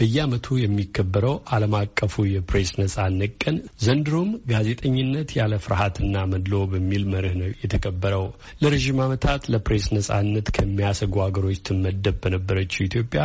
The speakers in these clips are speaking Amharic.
በየዓመቱ የሚከበረው ዓለም አቀፉ የፕሬስ ነጻነት ቀን ዘንድሮም ጋዜጠኝነት ያለ ፍርሃትና መድሎ በሚል መርህ ነው የተከበረው። ለረዥም ዓመታት ለፕሬስ ነጻነት ከሚያሰጉ ሀገሮች ትመደብ በነበረችው ኢትዮጵያ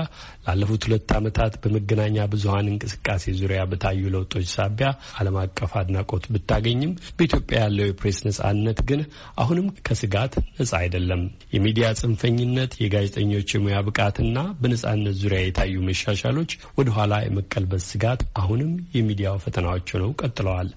ላለፉት ሁለት ዓመታት በመገናኛ ብዙሀን እንቅስቃሴ ዙሪያ በታዩ ለውጦች ሳቢያ ዓለም አቀፍ አድናቆት ብታገኝም በኢትዮጵያ ያለው የፕሬስ ነጻነት ግን አሁንም ከስጋት ነጻ አይደለም። የሚዲያ ጽንፈኝነት፣ የጋዜጠኞች የሙያ ብቃትና በነጻነት ዙሪያ የታዩ መሻሻሎች ወደ ኋላ የመቀልበስ ስጋት አሁንም የሚዲያው ፈተናዎች ሆነው ቀጥለዋል።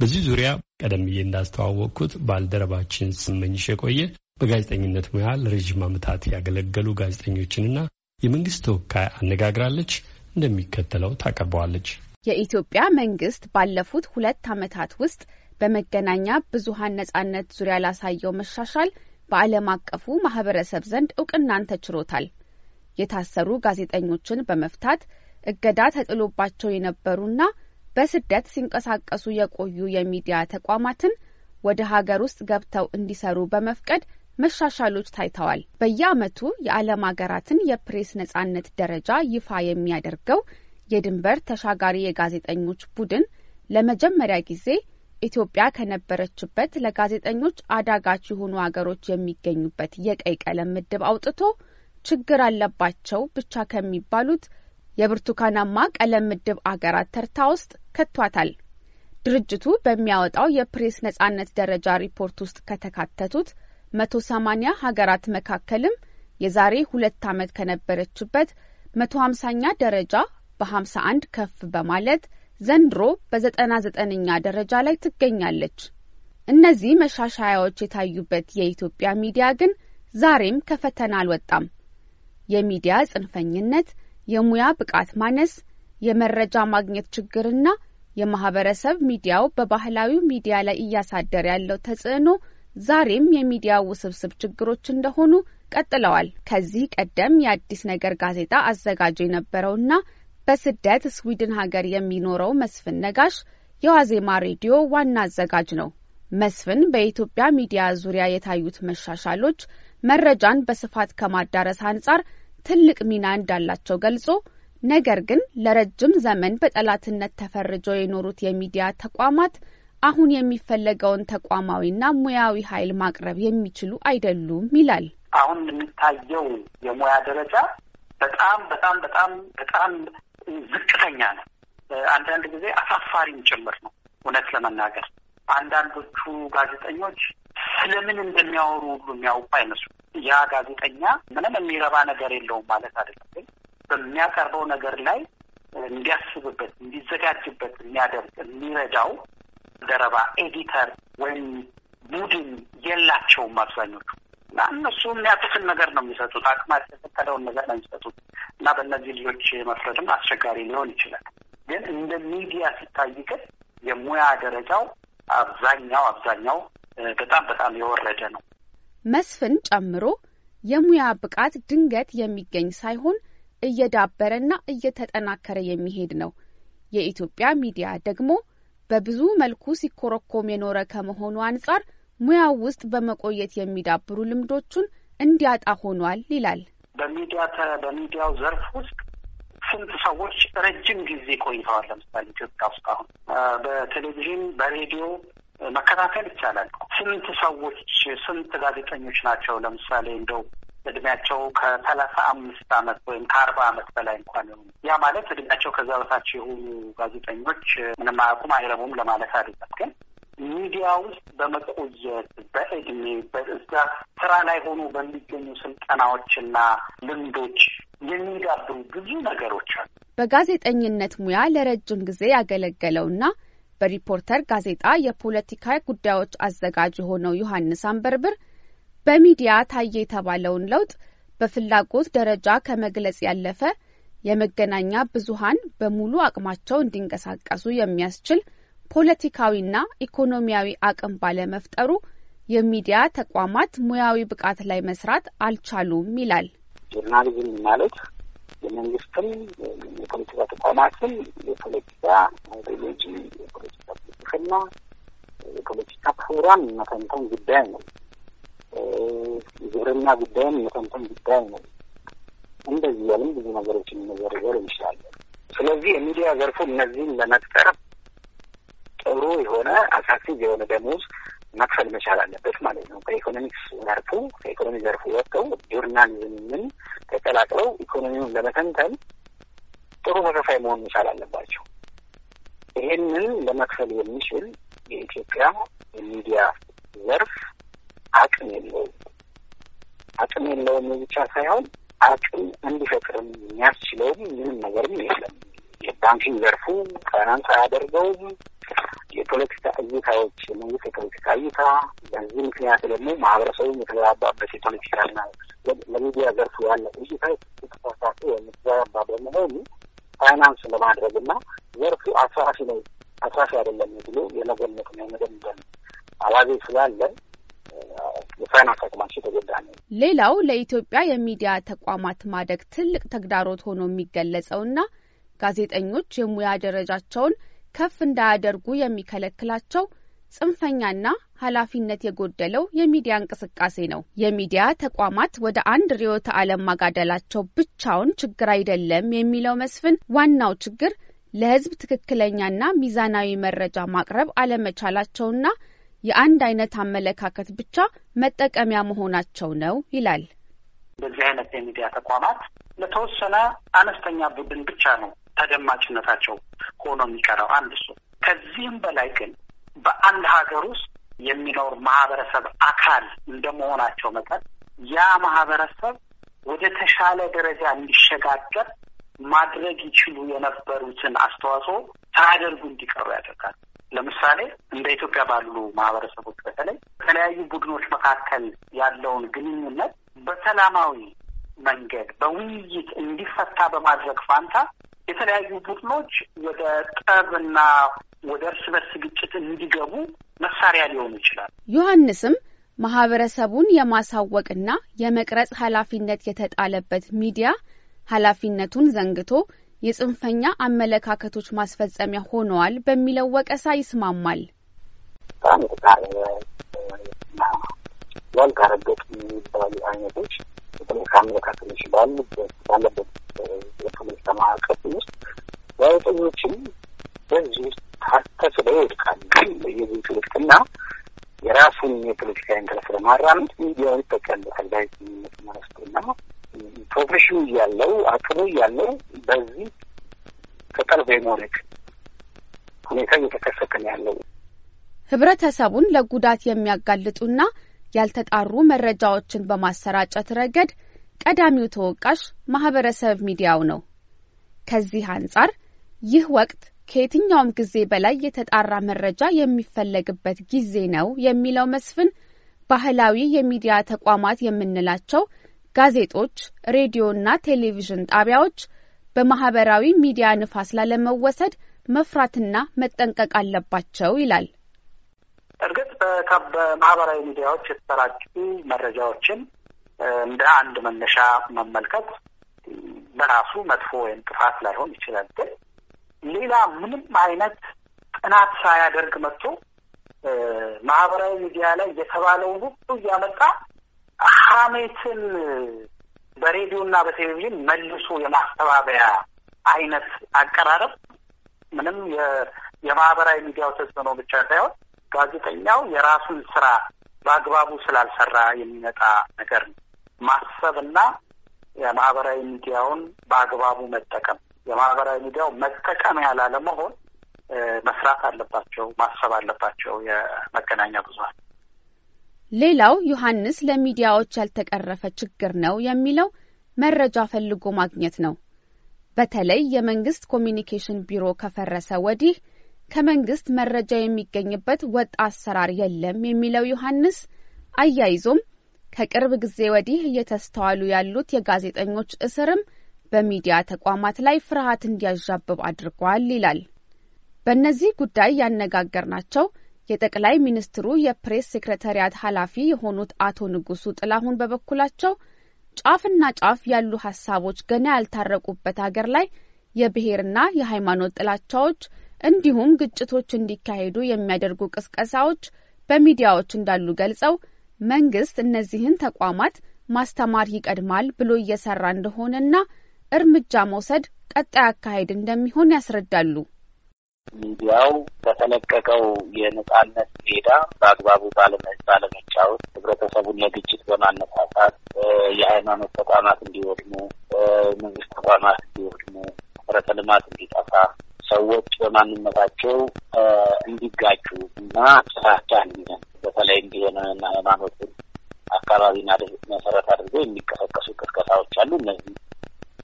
በዚህ ዙሪያ ቀደም ብዬ እንዳስተዋወቅኩት ባልደረባችን ስመኝሽ የቆየ በጋዜጠኝነት ሙያ ለረዥም ዓመታት ያገለገሉ ጋዜጠኞችንና የመንግስት ተወካይ አነጋግራለች። እንደሚከተለው ታቀርበዋለች። የኢትዮጵያ መንግስት ባለፉት ሁለት ዓመታት ውስጥ በመገናኛ ብዙሀን ነጻነት ዙሪያ ላሳየው መሻሻል በዓለም አቀፉ ማህበረሰብ ዘንድ እውቅናን ተችሮታል። የታሰሩ ጋዜጠኞችን በመፍታት እገዳ ተጥሎባቸው የነበሩና በስደት ሲንቀሳቀሱ የቆዩ የሚዲያ ተቋማትን ወደ ሀገር ውስጥ ገብተው እንዲሰሩ በመፍቀድ መሻሻሎች ታይተዋል። በየዓመቱ የዓለም ሀገራትን የፕሬስ ነጻነት ደረጃ ይፋ የሚያደርገው የድንበር ተሻጋሪ የጋዜጠኞች ቡድን ለመጀመሪያ ጊዜ ኢትዮጵያ ከነበረችበት ለጋዜጠኞች አዳጋች የሆኑ ሀገሮች የሚገኙበት የቀይ ቀለም ምድብ አውጥቶ ችግር አለባቸው ብቻ ከሚባሉት የብርቱካናማ ቀለም ምድብ አገራት ተርታ ውስጥ ከቷታል። ድርጅቱ በሚያወጣው የፕሬስ ነጻነት ደረጃ ሪፖርት ውስጥ ከተካተቱት 180 ሀገራት መካከልም የዛሬ ሁለት ዓመት ከነበረችበት 150ኛ ደረጃ በ51 ከፍ በማለት ዘንድሮ በ99ኛ ደረጃ ላይ ትገኛለች። እነዚህ መሻሻያዎች የታዩበት የኢትዮጵያ ሚዲያ ግን ዛሬም ከፈተና አልወጣም። የሚዲያ ጽንፈኝነት የሙያ ብቃት ማነስ፣ የመረጃ ማግኘት ችግርና የማህበረሰብ ሚዲያው በባህላዊ ሚዲያ ላይ እያሳደረ ያለው ተጽዕኖ ዛሬም የሚዲያ ውስብስብ ችግሮች እንደሆኑ ቀጥለዋል። ከዚህ ቀደም የአዲስ ነገር ጋዜጣ አዘጋጅ የነበረውና በስደት ስዊድን ሀገር የሚኖረው መስፍን ነጋሽ የዋዜማ ሬዲዮ ዋና አዘጋጅ ነው። መስፍን በኢትዮጵያ ሚዲያ ዙሪያ የታዩት መሻሻሎች መረጃን በስፋት ከማዳረስ አንጻር ትልቅ ሚና እንዳላቸው ገልጾ ነገር ግን ለረጅም ዘመን በጠላትነት ተፈርጀው የኖሩት የሚዲያ ተቋማት አሁን የሚፈለገውን ተቋማዊና ሙያዊ ኃይል ማቅረብ የሚችሉ አይደሉም ይላል። አሁን የሚታየው የሙያ ደረጃ በጣም በጣም በጣም በጣም ዝቅተኛ ነው። አንዳንድ ጊዜ አሳፋሪም ጭምር ነው። እውነት ለመናገር አንዳንዶቹ ጋዜጠኞች ስለምን እንደሚያወሩ ሁሉ የሚያውቁ አይመስሉም። ያ ጋዜጠኛ ምንም የሚረባ ነገር የለውም ማለት አይደለም፣ ግን በሚያቀርበው ነገር ላይ እንዲያስብበት፣ እንዲዘጋጅበት የሚያደርግ የሚረዳው ደረባ ኤዲተር ወይም ቡድን የላቸውም አብዛኞቹ እና እነሱ የሚያጡትን ነገር ነው የሚሰጡት፣ አቅማቸው የፈቀደውን ነገር ነው የሚሰጡት እና በእነዚህ ልጆች መፍረድም አስቸጋሪ ሊሆን ይችላል። ግን እንደ ሚዲያ ሲታይ ግን የሙያ ደረጃው አብዛኛው አብዛኛው በጣም በጣም የወረደ ነው። መስፍን ጨምሮ የሙያ ብቃት ድንገት የሚገኝ ሳይሆን እየዳበረና እየተጠናከረ የሚሄድ ነው። የኢትዮጵያ ሚዲያ ደግሞ በብዙ መልኩ ሲኮረኮም የኖረ ከመሆኑ አንጻር ሙያው ውስጥ በመቆየት የሚዳብሩ ልምዶቹን እንዲያጣ ሆኗል ይላል። በሚዲያ በሚዲያው ዘርፍ ውስጥ ስንት ሰዎች ረጅም ጊዜ ቆይተዋል? ለምሳሌ ኢትዮጵያ ውስጥ አሁን በቴሌቪዥን በሬዲዮ መከታተል ይቻላል። ስንት ሰዎች ስንት ጋዜጠኞች ናቸው ለምሳሌ እንደው እድሜያቸው ከሰላሳ አምስት አመት ወይም ከአርባ አመት በላይ እንኳን ሆኑ ያ ማለት እድሜያቸው ከዛ በታች የሆኑ ጋዜጠኞች ምንም አያውቁም አይረቡም ለማለት አይደለም። ግን ሚዲያ ውስጥ በመቆየት በእድሜ በዛ ስራ ላይ ሆኖ በሚገኙ ስልጠናዎችና ልምዶች የሚዳብሩ ብዙ ነገሮች አሉ። በጋዜጠኝነት ሙያ ለረጅም ጊዜ ያገለገለውና በሪፖርተር ጋዜጣ የፖለቲካ ጉዳዮች አዘጋጅ የሆነው ዮሐንስ አንበርብር በሚዲያ ታየ የተባለውን ለውጥ በፍላጎት ደረጃ ከመግለጽ ያለፈ የመገናኛ ብዙሃን በሙሉ አቅማቸው እንዲንቀሳቀሱ የሚያስችል ፖለቲካዊና ኢኮኖሚያዊ አቅም ባለመፍጠሩ የሚዲያ ተቋማት ሙያዊ ብቃት ላይ መስራት አልቻሉም ይላል። ጆርናሊዝም ማለት የመንግስትም የፖለቲካ ተቋማትን የፖለቲካ አይዲዮሎጂ፣ የፖለቲካ ፍልስፍና፣ የፖለቲካ ፕሮግራም መተንተን ጉዳይ ነው። የግብርና ጉዳይን መተንተን ጉዳይ ነው። እንደዚህ ያለም ብዙ ነገሮች መዘርዘር እንችላለን። ስለዚህ የሚዲያ ዘርፉ እነዚህን ለመቅጠር ጥሩ የሆነ አሳሲብ የሆነ ደሞዝ መክፈል መቻል አለበት ማለት ነው። ከኢኮኖሚክስ ዘርፉ ከኢኮኖሚ ዘርፉ ወጥተው ጆርናሊዝምን ተቀላቅለው ኢኮኖሚውን ለመተንተን ጥሩ ተከፋይ መሆን መቻል አለባቸው። ይህንን ለመክፈል የሚችል የኢትዮጵያ የሚዲያ ዘርፍ አቅም የለውም። አቅም የለውም ብቻ ሳይሆን አቅም እንዲፈጥርም የሚያስችለውም ምንም ነገርም የለም። የባንኪንግ ዘርፉ ፋይናንስ አያደርገውም። የፖለቲካ እይታዎች፣ የመንግስት የፖለቲካ እይታ በዚህ ምክንያት ደግሞ ማህበረሰቡ የተገባባበት የፖለቲካና ለሚዲያ ዘርፉ ያለ እይታ የተሳሳተ የሚገባ በመሆኑ ፋይናንስ ለማድረግ እና ዘርፉ አትራፊ ነው አትራፊ አይደለም ብሎ የመገመት ነው የመደምደም አባዜ ስላለ የፋይናንስ አቅማችን ተጎዳ ነው። ሌላው ለኢትዮጵያ የሚዲያ ተቋማት ማደግ ትልቅ ተግዳሮት ሆኖ የሚገለጸው የሚገለጸውና ጋዜጠኞች የሙያ ደረጃቸውን ከፍ እንዳያደርጉ የሚከለክላቸው ጽንፈኛና ኃላፊነት የጎደለው የሚዲያ እንቅስቃሴ ነው። የሚዲያ ተቋማት ወደ አንድ ርዕዮተ ዓለም ማጋደላቸው ብቻውን ችግር አይደለም የሚለው መስፍን ዋናው ችግር ለሕዝብ ትክክለኛና ሚዛናዊ መረጃ ማቅረብ አለመቻላቸውና የአንድ አይነት አመለካከት ብቻ መጠቀሚያ መሆናቸው ነው ይላል። እንደዚህ አይነት የሚዲያ ተቋማት ለተወሰነ አነስተኛ ቡድን ብቻ ነው ተደማጭነታቸው ሆኖ የሚቀረው አንድ እሱ። ከዚህም በላይ ግን በአንድ ሀገር ውስጥ የሚኖር ማህበረሰብ አካል እንደመሆናቸው መጠን ያ ማህበረሰብ ወደ ተሻለ ደረጃ እንዲሸጋገር ማድረግ ይችሉ የነበሩትን አስተዋጽኦ ሳያደርጉ እንዲቀሩ ያደርጋል። ለምሳሌ እንደ ኢትዮጵያ ባሉ ማህበረሰቦች በተለይ በተለያዩ ቡድኖች መካከል ያለውን ግንኙነት በሰላማዊ መንገድ በውይይት እንዲፈታ በማድረግ ፋንታ የተለያዩ ቡድኖች ወደ ጠብና ወደ እርስ በርስ ግጭት እንዲገቡ መሳሪያ ሊሆኑ ይችላል። ዮሐንስም ማህበረሰቡን የማሳወቅና የመቅረጽ ኃላፊነት የተጣለበት ሚዲያ ኃላፊነቱን ዘንግቶ የጽንፈኛ አመለካከቶች ማስፈጸሚያ ሆነዋል በሚለው ወቀሳ ይስማማል። በጣም የሚባሉ አይነቶች የፖለቲካ አመለካከቶች ባሉበት ባለበት የፖለቲካ ማዕቀፍ ውስጥ ጋዜጠኞችም በዚህ ውስጥ ተስለው ይወድቃሉ። የዚህ ፖለቲክና የራሱን የፖለቲካ ኢንተረስ ለማራመድ ሚዲያው ይጠቀምበታል። ጋዜጠኝነት ማለስና ፕሮፌሽኑ እያለው አቅሙ እያለው በዚህ ተጠልፎ የመውደቅ ሁኔታ እየተከሰተ ነው ያለው። ህብረተሰቡን ለጉዳት የሚያጋልጡና ያልተጣሩ መረጃዎችን በማሰራጨት ረገድ ቀዳሚው ተወቃሽ ማህበረሰብ ሚዲያው ነው። ከዚህ አንጻር ይህ ወቅት ከየትኛውም ጊዜ በላይ የተጣራ መረጃ የሚፈለግበት ጊዜ ነው የሚለው መስፍን ባህላዊ የሚዲያ ተቋማት የምንላቸው ጋዜጦች፣ ሬዲዮና ቴሌቪዥን ጣቢያዎች በማህበራዊ ሚዲያ ንፋስ ላለመወሰድ መፍራትና መጠንቀቅ አለባቸው ይላል። በማህበራዊ ሚዲያዎች የተሰራጩ መረጃዎችን እንደ አንድ መነሻ መመልከት በራሱ መጥፎ ወይም ጥፋት ላይሆን ይችላል። ግን ሌላ ምንም አይነት ጥናት ሳያደርግ መጥቶ ማህበራዊ ሚዲያ ላይ የተባለውን ሁሉ እያመጣ ሀሜትን ና በቴሌቪዥን መልሶ የማስተባበያ አይነት አቀራረብ ምንም የማህበራዊ ሚዲያው ተጽዕኖ ብቻ ሳይሆን ጋዜጠኛው የራሱን ስራ በአግባቡ ስላልሰራ የሚመጣ ነገር ነው። ማሰብና የማህበራዊ ሚዲያውን በአግባቡ መጠቀም የማህበራዊ ሚዲያው መጠቀሚያ ላለመሆን መስራት አለባቸው፣ ማሰብ አለባቸው የመገናኛ ብዙኃን። ሌላው ዮሐንስ ለሚዲያዎች ያልተቀረፈ ችግር ነው የሚለው መረጃ ፈልጎ ማግኘት ነው። በተለይ የመንግስት ኮሚኒኬሽን ቢሮ ከፈረሰ ወዲህ ከመንግስት መረጃ የሚገኝበት ወጥ አሰራር የለም የሚለው ዮሐንስ አያይዞም ከቅርብ ጊዜ ወዲህ እየተስተዋሉ ያሉት የጋዜጠኞች እስርም በሚዲያ ተቋማት ላይ ፍርሃት እንዲያዣብብ አድርጓል ይላል። በእነዚህ ጉዳይ ያነጋገርናቸው የጠቅላይ ሚኒስትሩ የፕሬስ ሴክረታሪያት ኃላፊ የሆኑት አቶ ንጉሱ ጥላሁን በበኩላቸው ጫፍና ጫፍ ያሉ ሀሳቦች ገና ያልታረቁበት አገር ላይ የብሔርና የሃይማኖት ጥላቻዎች እንዲሁም ግጭቶች እንዲካሄዱ የሚያደርጉ ቅስቀሳዎች በሚዲያዎች እንዳሉ ገልጸው መንግስት እነዚህን ተቋማት ማስተማር ይቀድማል ብሎ እየሰራ እንደሆነና እርምጃ መውሰድ ቀጣይ አካሄድ እንደሚሆን ያስረዳሉ። ሚዲያው በተለቀቀው የነጻነት ሜዳ በአግባቡ ባለመጫወት ህብረተሰቡን ለግጭት በማነሳሳት የሃይማኖት ተቋማት እንዲወድሙ፣ መንግስት ተቋማት እንዲወድሙ፣ መሰረተ ልማት እንዲጠፋ ሰዎች በማንነታቸው እንዲጋጩ እና ጥላቻ እንዲሆን በተለይ እንዲሆነን ሃይማኖትን አካባቢን መሰረት አድርጎ የሚቀሰቀሱ ቅስቀሳዎች አሉ። እነዚህ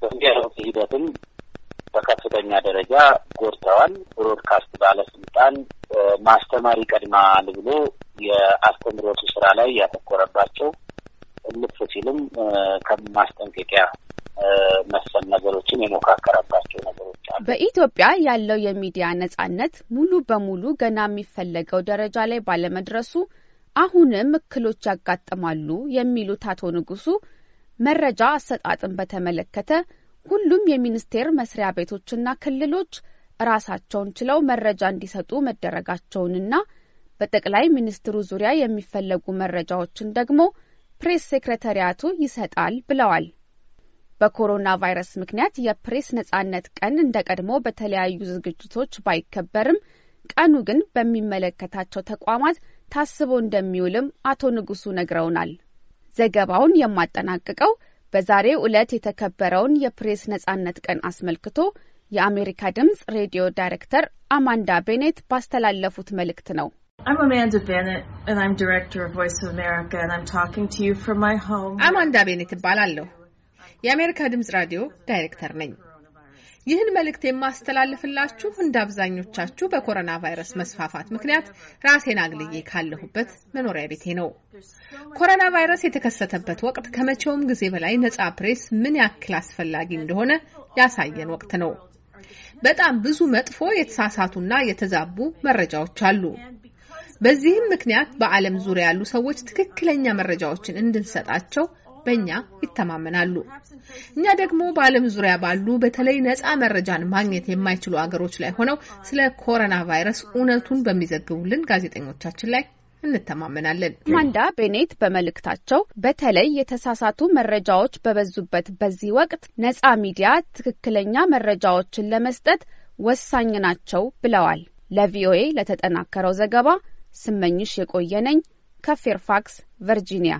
በዚያ ሂደትም በከፍተኛ ደረጃ ጎድተዋል። ብሮድካስት ባለስልጣን ማስተማሪ ይቀድማል ብሎ የአስተምሮቱ ስራ ላይ ያተኮረባቸው ልፍ ሲልም ከማስጠንቀቂያ መሰል ነገሮችን የሞካከረባቸው ነገሮች አሉ። በኢትዮጵያ ያለው የሚዲያ ነጻነት ሙሉ በሙሉ ገና የሚፈለገው ደረጃ ላይ ባለመድረሱ አሁንም እክሎች ያጋጥማሉ የሚሉት አቶ ንጉሱ መረጃ አሰጣጥን በተመለከተ ሁሉም የሚኒስቴር መስሪያ ቤቶችና ክልሎች ራሳቸውን ችለው መረጃ እንዲሰጡ መደረጋቸውንና በጠቅላይ ሚኒስትሩ ዙሪያ የሚፈለጉ መረጃዎችን ደግሞ ፕሬስ ሴክሬታሪያቱ ይሰጣል ብለዋል። በኮሮና ቫይረስ ምክንያት የፕሬስ ነጻነት ቀን እንደ ቀድሞ በተለያዩ ዝግጅቶች ባይከበርም ቀኑ ግን በሚመለከታቸው ተቋማት ታስቦ እንደሚውልም አቶ ንጉሱ ነግረውናል። ዘገባውን የማጠናቅቀው በዛሬው ዕለት የተከበረውን የፕሬስ ነጻነት ቀን አስመልክቶ የአሜሪካ ድምፅ ሬዲዮ ዳይሬክተር አማንዳ ቤኔት ባስተላለፉት መልእክት ነው። አማንዳ ቤኔት እባላለሁ የአሜሪካ ድምጽ ራዲዮ ዳይሬክተር ነኝ። ይህን መልእክት የማስተላልፍላችሁ እንደ አብዛኞቻችሁ በኮሮና ቫይረስ መስፋፋት ምክንያት ራሴን አግልዬ ካለሁበት መኖሪያ ቤቴ ነው። ኮሮና ቫይረስ የተከሰተበት ወቅት ከመቼውም ጊዜ በላይ ነጻ ፕሬስ ምን ያክል አስፈላጊ እንደሆነ ያሳየን ወቅት ነው። በጣም ብዙ መጥፎ የተሳሳቱና የተዛቡ መረጃዎች አሉ። በዚህም ምክንያት በዓለም ዙሪያ ያሉ ሰዎች ትክክለኛ መረጃዎችን እንድንሰጣቸው በእኛ ይተማመናሉ። እኛ ደግሞ በዓለም ዙሪያ ባሉ በተለይ ነፃ መረጃን ማግኘት የማይችሉ አገሮች ላይ ሆነው ስለ ኮሮና ቫይረስ እውነቱን በሚዘግቡልን ጋዜጠኞቻችን ላይ እንተማመናለን። ማንዳ ቤኔት በመልእክታቸው በተለይ የተሳሳቱ መረጃዎች በበዙበት በዚህ ወቅት ነፃ ሚዲያ ትክክለኛ መረጃዎችን ለመስጠት ወሳኝ ናቸው ብለዋል። ለቪኦኤ ለተጠናከረው ዘገባ ስመኝሽ የቆየነኝ ከፌርፋክስ ቨርጂኒያ